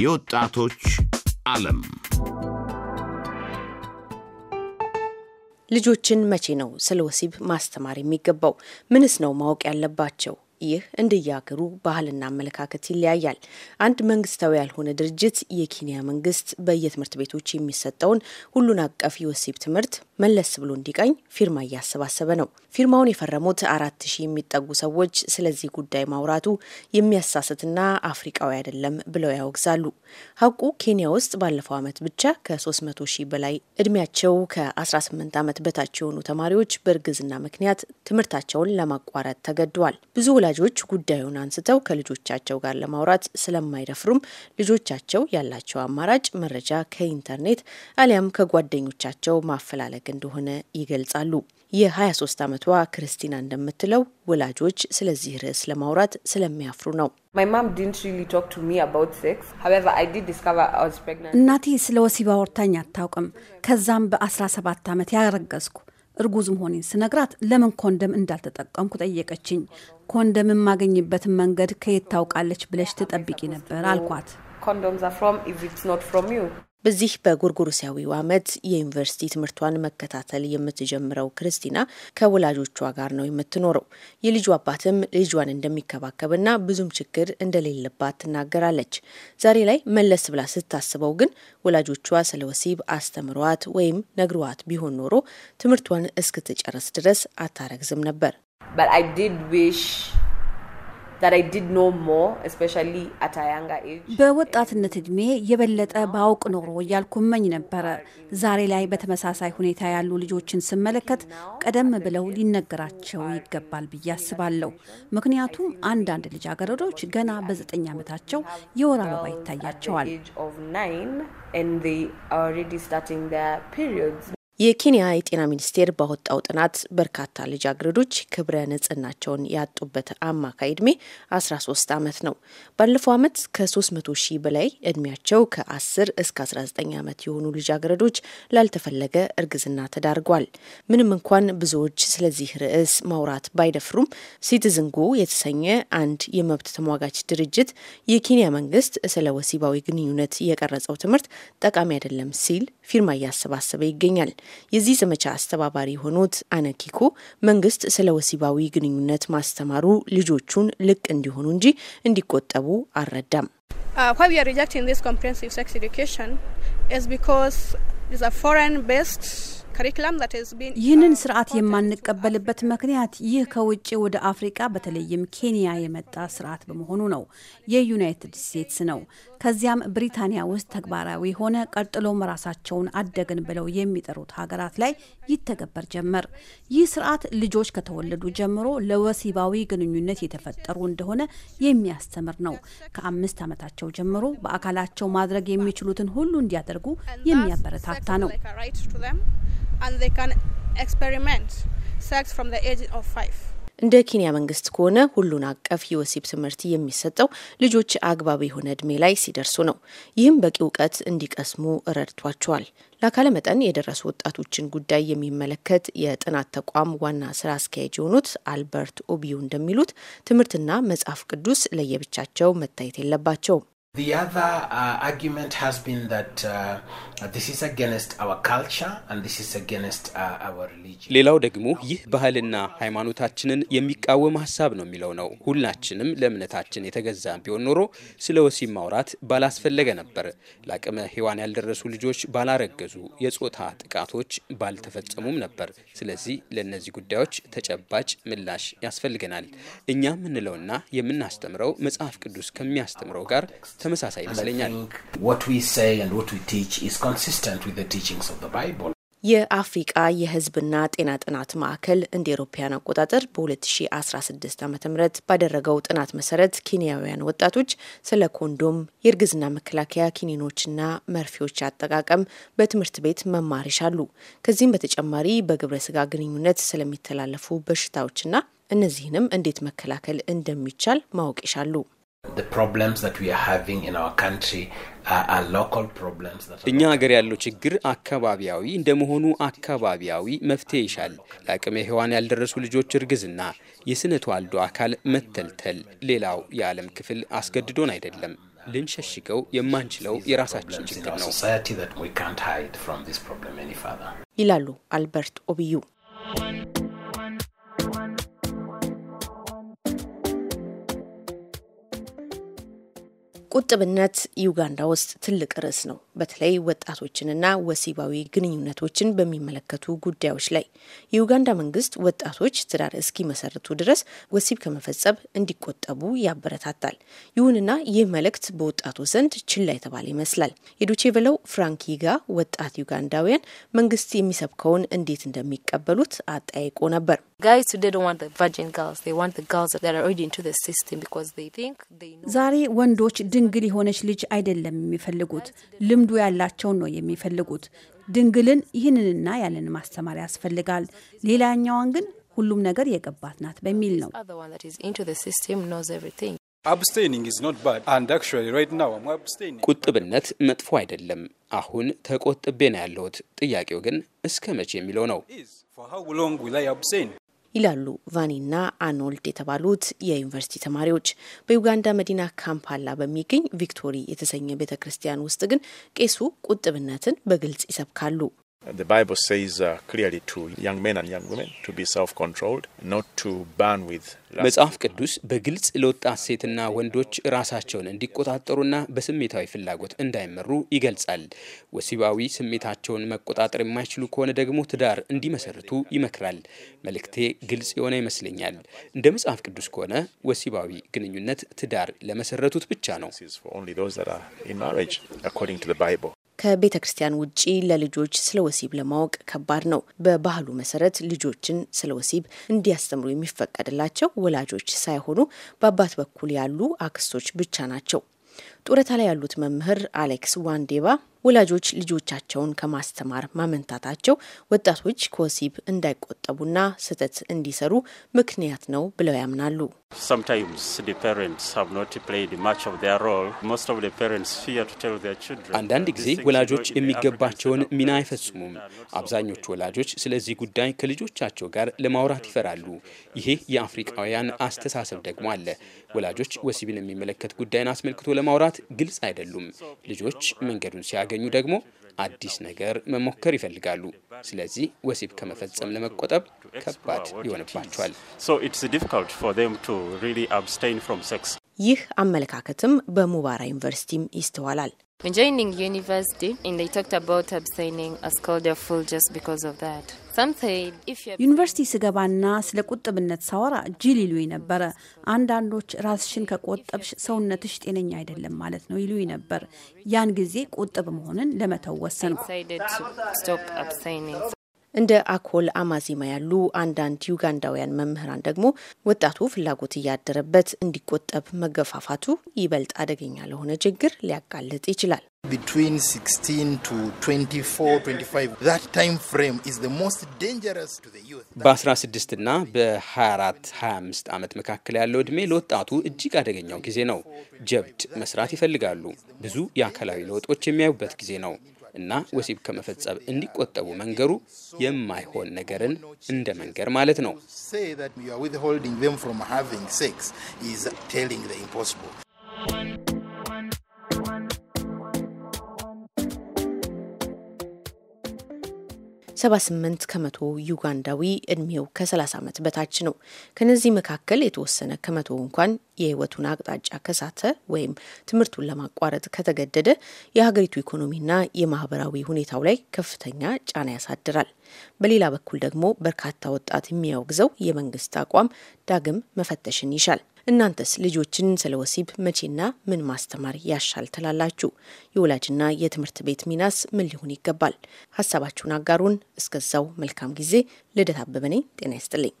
የወጣቶች ዓለም ልጆችን መቼ ነው ስለ ወሲብ ማስተማር የሚገባው? ምንስ ነው ማወቅ ያለባቸው? ይህ እንደየአገሩ ባህልና አመለካከት ይለያያል። አንድ መንግስታዊ ያልሆነ ድርጅት የኬንያ መንግስት በየትምህርት ቤቶች የሚሰጠውን ሁሉን አቀፍ የወሲብ ትምህርት መለስ ብሎ እንዲቀኝ ፊርማ እያሰባሰበ ነው። ፊርማውን የፈረሙት አራት ሺህ የሚጠጉ ሰዎች ስለዚህ ጉዳይ ማውራቱ የሚያሳስትና አፍሪቃዊ አይደለም ብለው ያወግዛሉ። ሀቁ ኬንያ ውስጥ ባለፈው ዓመት ብቻ ከ300 ሺህ በላይ እድሜያቸው ከ18 ዓመት በታች የሆኑ ተማሪዎች በእርግዝና ምክንያት ትምህርታቸውን ለማቋረጥ ተገደዋል። ብዙ ወላጆች ጉዳዩን አንስተው ከልጆቻቸው ጋር ለማውራት ስለማይደፍሩም ልጆቻቸው ያላቸው አማራጭ መረጃ ከኢንተርኔት አሊያም ከጓደኞቻቸው ማፈላለግ እንደሆነ ይገልጻሉ። የ23 ዓመቷ ክርስቲና እንደምትለው ወላጆች ስለዚህ ርዕስ ለማውራት ስለሚያፍሩ ነው። እናቴ ስለ ወሲብ አውርታኝ አታውቅም። ከዛም በ17 ዓመት ያረገዝኩ እርጉዝ መሆኔን ስነግራት ለምን ኮንደም እንዳልተጠቀምኩ ጠየቀችኝ። ኮንደም የማገኝበትን መንገድ ከየት ታውቃለች ብለሽ ትጠብቂ ነበር አልኳት። በዚህ በጎርጎሮሳዊው ዓመት የዩኒቨርሲቲ ትምህርቷን መከታተል የምትጀምረው ክርስቲና ከወላጆቿ ጋር ነው የምትኖረው። የልጁ አባትም ልጇን እንደሚከባከብና ብዙም ችግር እንደሌለባት ትናገራለች። ዛሬ ላይ መለስ ብላ ስታስበው ግን ወላጆቿ ስለ ወሲብ አስተምሯት ወይም ነግሯት ቢሆን ኖሮ ትምህርቷን እስክትጨርስ ድረስ አታረግዝም ነበር። በወጣትነት እድሜ የበለጠ ባውቅ ኖሮ እያልኩ እመኝ ነበረ። ዛሬ ላይ በተመሳሳይ ሁኔታ ያሉ ልጆችን ስመለከት ቀደም ብለው ሊነገራቸው ይገባል ብዬ አስባለሁ። ምክንያቱም አንዳንድ ልጃገረዶች ገና በዘጠኝ ዓመታቸው የወር አበባ ይታያቸዋል። የኬንያ የጤና ሚኒስቴር ባወጣው ጥናት በርካታ ልጃገረዶች ክብረ ንጽህናቸውን ያጡበት አማካይ ዕድሜ 13 ዓመት ነው። ባለፈው ዓመት ከ300 ሺህ በላይ ዕድሜያቸው ከ10 እስከ 19 ዓመት የሆኑ ልጃገረዶች ላልተፈለገ እርግዝና ተዳርጓል። ምንም እንኳን ብዙዎች ስለዚህ ርዕስ ማውራት ባይደፍሩም ሲቲዝንጎ የተሰኘ አንድ የመብት ተሟጋች ድርጅት የኬንያ መንግስት ስለ ወሲባዊ ግንኙነት የቀረጸው ትምህርት ጠቃሚ አይደለም ሲል ፊርማ እያሰባሰበ ይገኛል። የዚህ ዘመቻ አስተባባሪ የሆኑት አነኪኮ መንግስት ስለ ወሲባዊ ግንኙነት ማስተማሩ ልጆቹን ልቅ እንዲሆኑ እንጂ እንዲቆጠቡ አልረዳም። uh, ይህንን uh, ስርዓት የማንቀበልበት ምክንያት ይህ ከውጭ ወደ አፍሪቃ በተለይም ኬንያ የመጣ ስርዓት በመሆኑ ነው። የዩናይትድ ስቴትስ ነው። ከዚያም ብሪታንያ ውስጥ ተግባራዊ ሆነ። ቀጥሎም ራሳቸውን አደግን ብለው የሚጠሩት ሀገራት ላይ ይተገበር ጀመር። ይህ ስርዓት ልጆች ከተወለዱ ጀምሮ ለወሲባዊ ግንኙነት የተፈጠሩ እንደሆነ የሚያስተምር ነው። ከአምስት ዓመታቸው ጀምሮ በአካላቸው ማድረግ የሚችሉትን ሁሉ እንዲያደርጉ የሚያበረታታ ነው። ሴክስ ፍሮም ዘ ኤጅ ኦፍ ፋይቭ እንደ ኬንያ መንግስት ከሆነ ሁሉን አቀፍ የወሲብ ትምህርት የሚሰጠው ልጆች አግባብ የሆነ እድሜ ላይ ሲደርሱ ነው። ይህም በቂ እውቀት እንዲቀስሙ ረድቷቸዋል። ለአካለ መጠን የደረሱ ወጣቶችን ጉዳይ የሚመለከት የጥናት ተቋም ዋና ስራ አስኪያጅ የሆኑት አልበርት ኦቢዮ እንደሚሉት ትምህርትና መጽሐፍ ቅዱስ ለየብቻቸው መታየት የለባቸውም። The other uh, argument has been that uh, this is against our culture and this is against uh, our religion. ሌላው ደግሞ ይህ ባህልና ሃይማኖታችንን የሚቃወም ሀሳብ ነው የሚለው ነው። ሁላችንም ለእምነታችን የተገዛ ቢሆን ኖሮ ስለ ወሲብ ማውራት ባላስፈለገ ነበር። ለአቅመ ሔዋን ያልደረሱ ልጆች ባላረገዙ፣ የጾታ ጥቃቶች ባልተፈጸሙም ነበር። ስለዚህ ለእነዚህ ጉዳዮች ተጨባጭ ምላሽ ያስፈልገናል። እኛ የምንለውና የምናስተምረው መጽሐፍ ቅዱስ ከሚያስተምረው ጋር ተመሳሳይ ይመስለኛል። የአፍሪቃ የሕዝብና ጤና ጥናት ማዕከል እንደ ኤሮፓያን አቆጣጠር በ2016 ዓ ም ባደረገው ጥናት መሰረት ኬንያውያን ወጣቶች ስለ ኮንዶም፣ የእርግዝና መከላከያ ኪኒኖችና መርፌዎች አጠቃቀም በትምህርት ቤት መማር ይሻሉ። ከዚህም በተጨማሪ በግብረ ስጋ ግንኙነት ስለሚተላለፉ በሽታዎችና እነዚህንም እንዴት መከላከል እንደሚቻል ማወቅ ይሻሉ። እኛ ሀገር ያለው ችግር አካባቢያዊ እንደመሆኑ አካባቢያዊ መፍትሄ ይሻል። ለአቅመ ሔዋን ያልደረሱ ልጆች እርግዝና፣ የስነ ተዋልዶ አካል መተልተል ሌላው የዓለም ክፍል አስገድዶን አይደለም። ልንሸሽገው የማንችለው የራሳችን ችግር ነው ይላሉ አልበርት ኦብዩ። ቁጥብነት ዩጋንዳ ውስጥ ትልቅ ርዕስ ነው። በተለይ ወጣቶችንና ወሲባዊ ግንኙነቶችን በሚመለከቱ ጉዳዮች ላይ የዩጋንዳ መንግስት ወጣቶች ትዳር እስኪመሰርቱ ድረስ ወሲብ ከመፈጸም እንዲቆጠቡ ያበረታታል። ይሁንና ይህ መልእክት በወጣቱ ዘንድ ችላ የተባለ ይመስላል። የዶቼ ቬለው ፍራንኪጋ ወጣት ዩጋንዳውያን መንግስት የሚሰብከውን እንዴት እንደሚቀበሉት አጠያይቆ ነበር። ዛሬ ወንዶች ድንግል የሆነች ልጅ አይደለም የሚፈልጉት፣ ልምዱ ያላቸውን ነው የሚፈልጉት። ድንግልን ይህንንና ያለን ማስተማር ያስፈልጋል። ሌላኛዋን ግን ሁሉም ነገር የገባት ናት በሚል ነው። ቁጥብነት መጥፎ አይደለም። አሁን ተቆጥቤ ነው ያለሁት። ጥያቄው ግን እስከ መቼ የሚለው ነው። ይላሉ ቫኒና አኖልድ የተባሉት የዩኒቨርሲቲ ተማሪዎች። በዩጋንዳ መዲና ካምፓላ በሚገኝ ቪክቶሪ የተሰኘ ቤተ ክርስቲያን ውስጥ ግን ቄሱ ቁጥብነትን በግልጽ ይሰብካሉ። Uh, the Bible says uh, clearly to young men and young women to be self-controlled, not to burn with መጽሐፍ ቅዱስ በግልጽ ለወጣት ሴትና ወንዶች ራሳቸውን እንዲቆጣጠሩና በስሜታዊ ፍላጎት እንዳይመሩ ይገልጻል። ወሲባዊ ስሜታቸውን መቆጣጠር የማይችሉ ከሆነ ደግሞ ትዳር እንዲመሰርቱ ይመክራል። መልእክቴ ግልጽ የሆነ ይመስለኛል። እንደ መጽሐፍ ቅዱስ ከሆነ ወሲባዊ ግንኙነት ትዳር ለመሰረቱት ብቻ ነው። ከቤተ ክርስቲያን ውጪ ለልጆች ስለ ወሲብ ለማወቅ ከባድ ነው። በባህሉ መሰረት ልጆችን ስለ ወሲብ እንዲያስተምሩ የሚፈቀድላቸው ወላጆች ሳይሆኑ በአባት በኩል ያሉ አክስቶች ብቻ ናቸው። ጡረታ ላይ ያሉት መምህር አሌክስ ዋንዴባ ወላጆች ልጆቻቸውን ከማስተማር ማመንታታቸው ወጣቶች ከወሲብ እንዳይቆጠቡና ስህተት እንዲሰሩ ምክንያት ነው ብለው ያምናሉ። አንዳንድ ጊዜ ወላጆች የሚገባቸውን ሚና አይፈጽሙም። አብዛኞቹ ወላጆች ስለዚህ ጉዳይ ከልጆቻቸው ጋር ለማውራት ይፈራሉ። ይሄ የአፍሪቃውያን አስተሳሰብ ደግሞ አለ። ወላጆች ወሲብን የሚመለከት ጉዳይን አስመልክቶ ለማውራት ግልጽ አይደሉም። ልጆች መንገዱን ሲያገኙ ደግሞ አዲስ ነገር መሞከር ይፈልጋሉ። ስለዚህ ወሲብ ከመፈጸም ለመቆጠብ ከባድ ይሆንባቸዋል። ይህ አመለካከትም በሙባራ ዩኒቨርሲቲም ይስተዋላል። ጆይኒንግ ዩኒቨርሲቲ ን ቶክ አባውት አብስቴኒንግ አስኮልድ ፉል ጀስት ቢካዝ ኦፍ ዛት ዩኒቨርሲቲ ስገባና ስለ ቁጥብነት ሳወራ ጅል ይሉኝ ነበረ። አንዳንዶች ራስሽን ከቆጠብሽ ሰውነትሽ ጤነኛ አይደለም ማለት ነው ይሉኝ ነበር። ያን ጊዜ ቁጥብ መሆንን ለመተው ወሰንኩ። እንደ አኮል አማዜማ ያሉ አንዳንድ ዩጋንዳውያን መምህራን ደግሞ ወጣቱ ፍላጎት እያደረበት እንዲቆጠብ መገፋፋቱ ይበልጥ አደገኛ ለሆነ ችግር ሊያጋልጥ ይችላል። በ16 እና በ24 25 ዓመት መካከል ያለው ዕድሜ ለወጣቱ እጅግ አደገኛው ጊዜ ነው። ጀብድ መስራት ይፈልጋሉ። ብዙ የአካላዊ ለውጦች የሚያዩበት ጊዜ ነው። እና ወሲብ ከመፈጸም እንዲቆጠቡ መንገሩ የማይሆን ነገርን እንደ መንገር ማለት ነው። 78 ከመቶ ዩጋንዳዊ እድሜው ከ30 ዓመት በታች ነው። ከነዚህ መካከል የተወሰነ ከመቶ እንኳን የህይወቱን አቅጣጫ ከሳተ ወይም ትምህርቱን ለማቋረጥ ከተገደደ የሀገሪቱ ኢኮኖሚና የማህበራዊ ሁኔታው ላይ ከፍተኛ ጫና ያሳድራል። በሌላ በኩል ደግሞ በርካታ ወጣት የሚያወግዘው የመንግስት አቋም ዳግም መፈተሽን ይሻል። እናንተስ ልጆችን ስለ ወሲብ መቼና ምን ማስተማር ያሻል ትላላችሁ? የወላጅና የትምህርት ቤት ሚናስ ምን ሊሆን ይገባል? ሀሳባችሁን አጋሩን። እስከዛው መልካም ጊዜ። ልደት አበበ ነኝ። ጤና ይስጥልኝ።